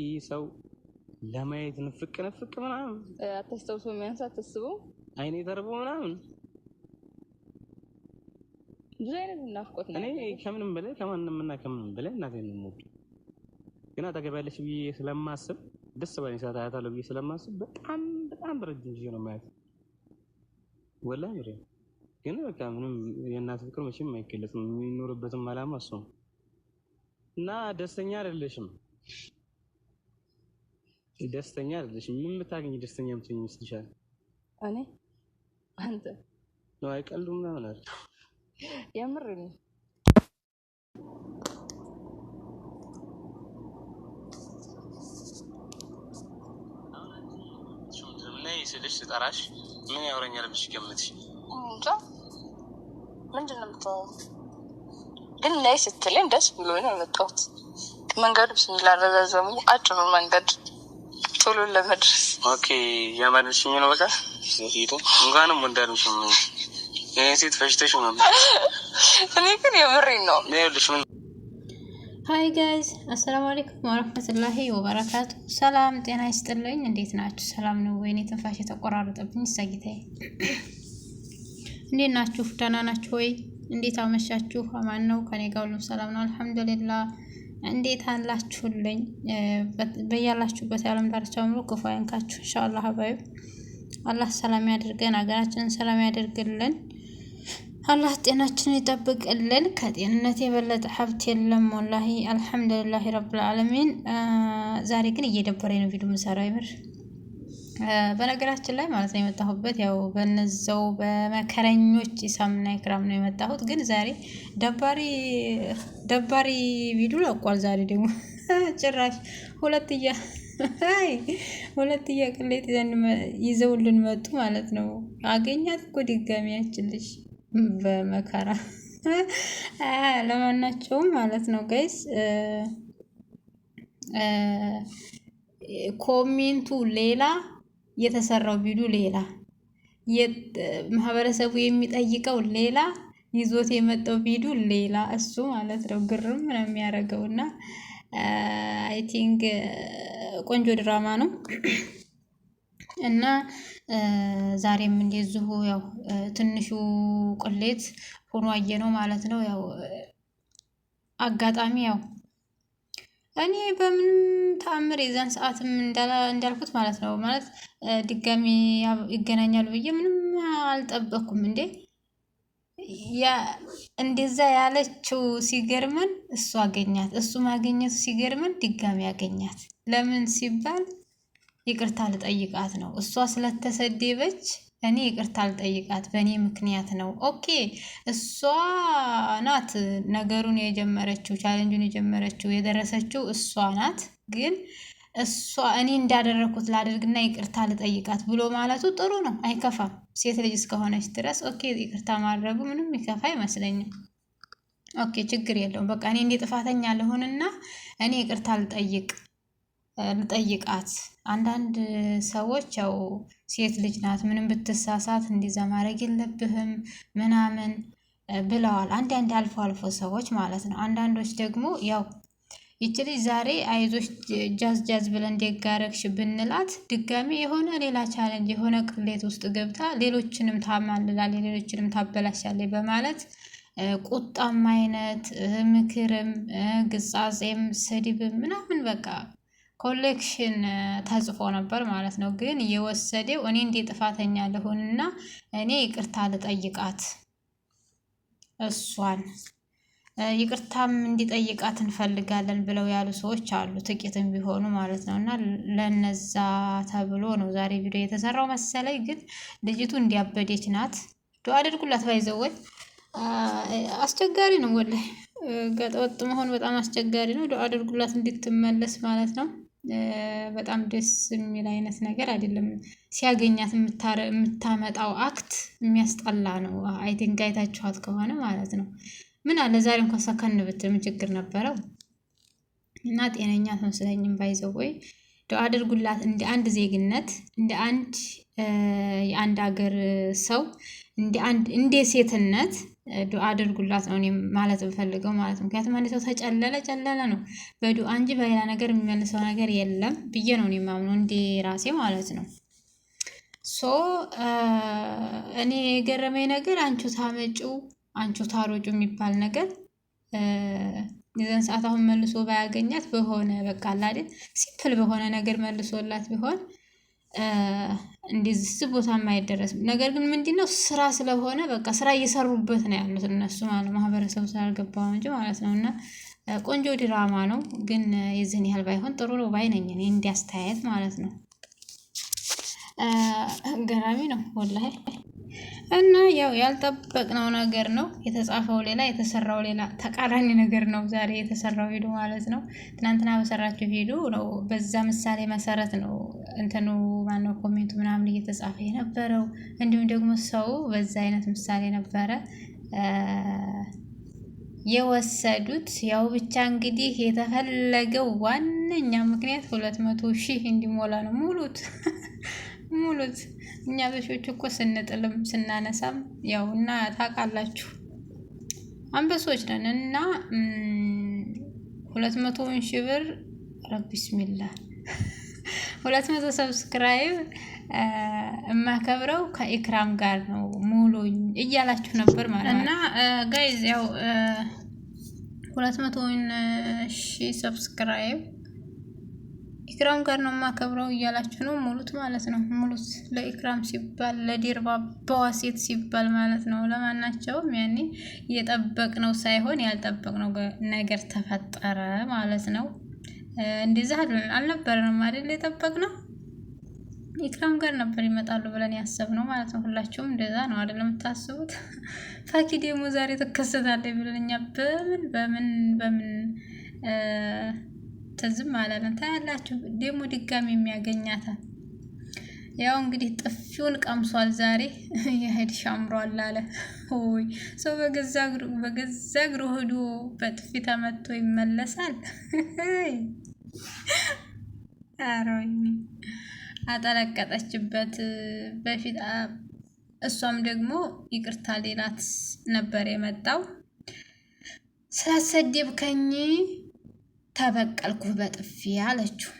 ይህ ሰው ለማየት ንፍቅ ንፍቅ ምናምን አታስታውሶ የሚያንስ አታስበው አይኔ ተርቦ ምናምን ብዙ አይነት ናፍቆት ነው። እኔ ከምንም በላይ ከማንም እና ከምንም በላይ እናቴን ነው የምወድ። ግን አጠገብ ያለች ብዬ ስለማስብ ደስ ባለኝ ሰዓት አያታለሁ ብዬ ስለማስብ በጣም በጣም በረጅም ጊዜ ነው የማያት። ወላ ምሬ ግን በቃ ምንም የእናት ፍቅር መቼም አይገለጽም። የሚኖርበትም አላማ እሱ ነው እና ደስተኛ አይደለሽም ደስተኛ አይደለሽ። ምን ብታገኝ ደስተኛ ምትኝ ይመስልሻል? እኔ አንተ ነው አይቀልዱም ምናምን አለ። የምር ስልሽ ስጠራሽ ምን ያወረኛል ብለሽ ገምትሽ? እንጃ ምንድን ነው የምታወራው? ግን ላይ ስትለኝ ደስ ብሎ ነው የመጣሁት። መንገዱ ሲሚል አረዛዘሙ አጭሩ መንገድ ቶሎ ለመድረስ ኦኬ እያማለችኝ ነው። በቃ ሴቱ እንኳንም ወንዳልሽም ይህን ሴት ፈሽተሽ ነው። እኔ ግን የምሬን ነው ልሽ ሀይ ጋይዝ አሰላሙ አሌይኩም ወረህመቱላሂ ወበረካቱ። ሰላም ጤና ይስጥልኝ። እንዴት ናችሁ? ሰላም ነው ወይኔ ትንፋሽ የተቆራረጠብኝ ሰጊታዬ። እንዴት ናችሁ? ደህና ናችሁ ወይ? እንዴት አመሻችሁ? አማን ነው ከኔ ጋር ሁሉም ሰላም ነው አልሐምዱሊላህ። እንዴት አላችሁልኝ? በያላችሁበት የዓለም ዳርቻ በሙሉ ክፉ አይንካችሁ። ኢንሻአላህ ሀባይብ አላህ ሰላም ያድርገን፣ ሀገራችንን ሰላም ያደርግልን። አላህ ጤናችንን ይጠብቅልን። ከጤንነት የበለጠ ሀብት የለም ወላሂ። አልሐምዱሊላህ ረብል ዓለሚን። ዛሬ ግን እየደበረኝ ነው ቪዲዮ ምሰራው ይምር በነገራችን ላይ ማለት ነው የመጣሁበት ያው በነዛው በመከረኞች ኢሳምና ኢክራም ነው የመጣሁት። ግን ዛሬ ደባሪ ደባሪ ቪዲዮ ለቋል። ዛሬ ደግሞ ጭራሽ ሁለትያ ሁለትያ ቅሌት ይዘውልን መጡ ማለት ነው። አገኛት እኮ ድጋሚ ያችልሽ በመከራ ለማናቸውም ማለት ነው ጋይስ ኮሜንቱ ሌላ የተሰራው ቪዲዮ ሌላ፣ ማህበረሰቡ የሚጠይቀው ሌላ፣ ይዞት የመጣው ቪዲዮ ሌላ። እሱ ማለት ነው ግርም ነው የሚያደርገው እና አይ ቲንክ ቆንጆ ድራማ ነው እና ዛሬም እንደዚሁ ያው ትንሹ ቁሌት ሆኖ አየ ነው ማለት ነው። ያው አጋጣሚ ያው እኔ በምንም ተአምር የዛን ሰዓትም እንዳልኩት ማለት ነው ማለት ድጋሚ ይገናኛሉ ብዬ ምንም አልጠበኩም። እንዴ እንደዛ ያለችው ሲገርመን እሱ አገኛት፣ እሱ ማገኘቱ ሲገርመን ድጋሚ አገኛት። ለምን ሲባል ይቅርታ ልጠይቃት ነው እሷ ስለተሰደበች እኔ ይቅርታ አልጠይቃት በእኔ ምክንያት ነው። ኦኬ እሷ ናት ነገሩን የጀመረችው ቻለንጁን የጀመረችው የደረሰችው እሷ ናት። ግን እሷ እኔ እንዳደረግኩት ላደርግና ይቅርታ ልጠይቃት ብሎ ማለቱ ጥሩ ነው፣ አይከፋም። ሴት ልጅ እስከሆነች ድረስ ኦኬ ይቅርታ ማድረጉ ምንም ይከፋ አይመስለኝም። ኦኬ ችግር የለውም። በቃ እኔ እንደ ጥፋተኛ ልሆንና እኔ ይቅርታ ልጠይቅ ልጠይቃት። አንዳንድ ሰዎች ያው ሴት ልጅ ናት ምንም ብትሳሳት እንዲዛ ማድረግ የለብህም ምናምን ብለዋል። አንዳንድ አልፎ አልፎ ሰዎች ማለት ነው። አንዳንዶች ደግሞ ያው ይች ልጅ ዛሬ አይዞች ጃዝ ጃዝ ብለን እንዲጋረግሽ ብንላት ድጋሚ የሆነ ሌላ ቻለንጅ የሆነ ቅሌት ውስጥ ገብታ ሌሎችንም ታማልላል፣ ሌሎችንም ታበላሻለች በማለት ቁጣም አይነት ምክርም፣ ግጻጼም፣ ስድብም ምናምን በቃ ኮሌክሽን ተጽፎ ነበር ማለት ነው። ግን የወሰደው እኔ እንዴ ጥፋተኛ ልሆንና እኔ ይቅርታ ልጠይቃት እሷን ይቅርታም እንዲጠይቃት እንፈልጋለን ብለው ያሉ ሰዎች አሉ፣ ጥቂትም ቢሆኑ ማለት ነው። እና ለነዛ ተብሎ ነው ዛሬ ቪዲዮ የተሰራው መሰለኝ። ግን ልጅቱ እንዲያበደች ናት። ዱ አድርጉላት። ባይዘወል አስቸጋሪ ነው፣ ወላሂ ገጠወጥ መሆን በጣም አስቸጋሪ ነው። ዱ አድርጉላት እንድትመለስ ማለት ነው። በጣም ደስ የሚል አይነት ነገር አይደለም። ሲያገኛት የምታመጣው አክት የሚያስጠላ ነው። አይ ቲንክ አይታችኋት ከሆነ ማለት ነው። ምን አለ ዛሬ እንኳ ሰከን ብትል ምን ችግር ነበረው? እና ጤነኛ አትመስለኝም። ባይዘው ወይ ደው አድርጉላት። እንደ አንድ ዜግነት እንደ አንድ የአንድ ሀገር ሰው እንደ አንድ እንደ ሴትነት ዱዓ አድርጉላት ነው ማለት ፈልገው ማለት ነው። ምክንያቱም አንድ ሰው ተጨለለ ጨለለ ነው በዱዓ እንጂ በሌላ ነገር የሚመልሰው ነገር የለም ብዬ ነው እኔ የማምነው እንዴ ራሴ ማለት ነው። ሶ እኔ የገረመኝ ነገር አንቺ ታመጩ አንቺ ታሮጩ የሚባል ነገር የዛን ሰዓት አሁን መልሶ ባያገኛት በሆነ በቃ አላደ ሲምፕል በሆነ ነገር መልሶላት ቢሆን እንደዚህ ቦታ የማይደረስም ነገር ግን ምንድን ነው ስራ ስለሆነ በቃ ስራ እየሰሩበት ነው ያሉት እነሱ ማለት ማህበረሰቡ ስላልገባው እንጂ ማለት ነው። እና ቆንጆ ድራማ ነው፣ ግን የዚህን ያህል ባይሆን ጥሩ ነው ባይነኝ እንዲያስተያየት ማለት ነው። ገራሚ ነው ወላሂ። እና ያው ያልጠበቅነው ነገር ነው የተጻፈው ሌላ የተሰራው ሌላ ተቃራኒ ነገር ነው። ዛሬ የተሰራው ሄዱ ማለት ነው። ትናንትና በሰራችው ሄዱ ነው። በዛ ምሳሌ መሰረት ነው እንትኑ ማነው ኮሜንቱ ምናምን እየተጻፈ የነበረው። እንዲሁም ደግሞ ሰው በዛ አይነት ምሳሌ ነበረ የወሰዱት ያው ብቻ እንግዲህ የተፈለገው ዋነኛ ምክንያት ሁለት መቶ ሺህ እንዲሞላ ነው ሙሉት ሙሉት። እኛ አበሾች እኮ ስንጥልም ስናነሳም ያው እና ታውቃላችሁ አንበሶች ነን እና ሁለት መቶውን ሺህ ብር ረቢስሚላ ሁለት መቶ ሰብስክራይብ የማከብረው ከኢክራም ጋር ነው ሙሉ እያላችሁ ነበር ማለት እና ጋይዝ ያው ሁለት መቶውን ሺህ ሰብስክራይብ ኢክራም ጋር ነው የማከብረው እያላችሁ ነው ሙሉት ማለት ነው። ሙሉት ለኢክራም ሲባል ለዲርባ በዋሴት ሲባል ማለት ነው። ለማናቸውም ያኔ የጠበቅነው ሳይሆን ያልጠበቅነው ነገር ተፈጠረ ማለት ነው። እንደዚህ አልነበረንም አይደል? የጠበቅነው ኢክራም ጋር ነበር ይመጣሉ ብለን ያሰብነው ማለት ነው። ሁላችሁም እንደዛ ነው አይደለም የምታስቡት? ፋኪ ደግሞ ዛሬ ትከሰታለች ብለን እኛ በምን በምን በምን ዝም አላለም። ታያላችሁ ደግሞ ድጋሚ የሚያገኛታል። ያው እንግዲህ ጥፊውን ቀምሷል። ዛሬ የህድ ሻምሯል አለ ወይ ሰው በገዛ እግሩ ሄዶ በጥፊ ተመቶ ይመለሳል። አሮኝ አጠለቀጠችበት። በፊት እሷም ደግሞ ይቅርታ ሌላት ነበር የመጣው ስላሰደብከኝ ተበቀልኩ በጥፊ አለችው።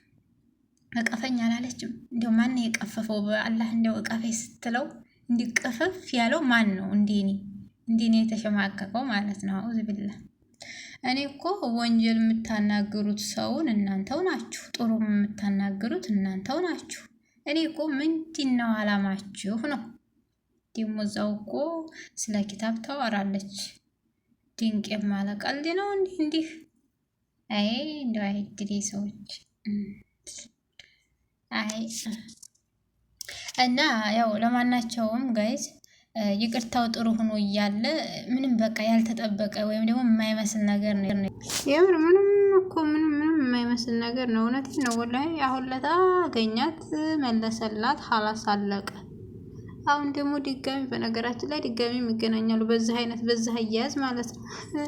እቀፈኝ አላለችም። እንዲያው ማን የቀፈፈው በአላህ እንዲያው እቀፈኝ ስትለው እንዲቀፈፍ ያለው ማን ነው? እንዲኔ እንዲኔ የተሸማቀቀው ማለት ነው። አውዝ ብላ እኔ እኮ ወንጀል የምታናግሩት ሰውን እናንተው ናችሁ፣ ጥሩ የምታናግሩት እናንተው ናችሁ። እኔ እኮ ምንድን ነው አላማችሁ ነው። ደግሞ እዛው እኮ ስለ ኪታብ ታወራለች። ድንቅ ማለቀልድ ነው እንዲህ እንዲህ አይ እንደው አይ እድሌ ሰዎች አይ እና ያው ለማናቸውም ጋይዝ ይቅርታው ጥሩ ሆኖ እያለ ምንም በቃ ያልተጠበቀ ወይም ደግሞ የማይመስል ነገር ነው። የምር ምንም እኮ ምንም ምንም የማይመስል ነገር ነው። እውነቴን ነው ወላሂ። አሁን ለታ አገኛት መለሰላት፣ ሀላስ አለቀ። አሁን ደግሞ ድጋሚ በነገራችን ላይ ድጋሚ ይገናኛሉ። በዚህ አይነት በዚህ አያያዝ ማለት ነው።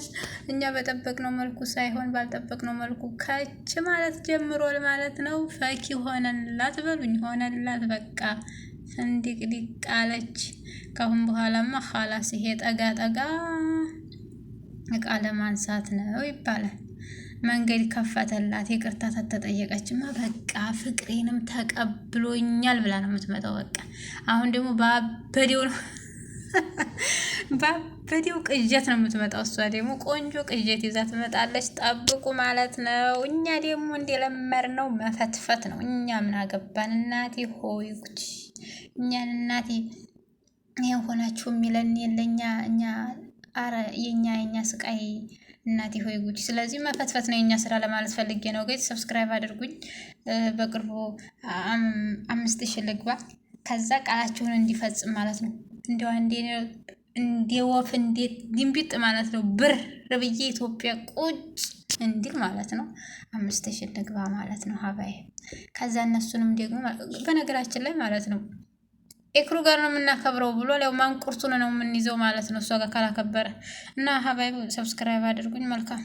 እኛ በጠበቅነው መልኩ ሳይሆን ባልጠበቅነው መልኩ ከች ማለት ጀምሯል ማለት ነው። ፈኪ ሆነንላት በሉኝ፣ ሆነላት በቃ እንዲቅዲቅ አለች። ከአሁን በኋላማ ኋላስ ይሄ ጠጋ ጠጋ እቃ ለማንሳት ነው ይባላል። መንገድ ከፈተላት። ይቅርታ ተጠየቀችማ በቃ ፍቅሬንም ተቀብሎኛል ብላ ነው የምትመጣው። በቃ አሁን ደግሞ በአበዴው ነው በአበዴው ቅጀት ነው የምትመጣው። እሷ ደግሞ ቆንጆ ቅጀት ይዛ ትመጣለች። ጠብቁ ማለት ነው። እኛ ደግሞ ነው መፈትፈት ነው። እኛ ምን አገባን? እናቴ ሆይ እኛን እናቴ ይሄን ሆናችሁ የሚለን የለኛ እኛ አረ የኛ የኛ ስቃይ እናቴ ሆይ ጉድ! ስለዚህ መፈትፈት ነው የኛ ስራ ለማለት ፈልጌ ነው። ገጅ ሰብስክራይብ አድርጉኝ። በቅርቡ አምስት ሺ ልግባ። ከዛ ቃላችሁን እንዲፈጽም ማለት ነው። እንዲያው እንደ ወፍ እንዴት ድንቢጥ ማለት ነው። ብር ብዬ ኢትዮጵያ ቁጭ እንዲል ማለት ነው። አምስት ሺ ልግባ ማለት ነው። ሀባይ ከዛ እነሱንም ደግሞ በነገራችን ላይ ማለት ነው ኤክሩ ጋር ነው የምናከብረው ብሎ ያው ማንቁርቱን ነው የምንይዘው ማለት ነው። እሷ ጋር ካላከበረ እና ሀባይ ሰብስክራይብ አድርጉኝ። መልካም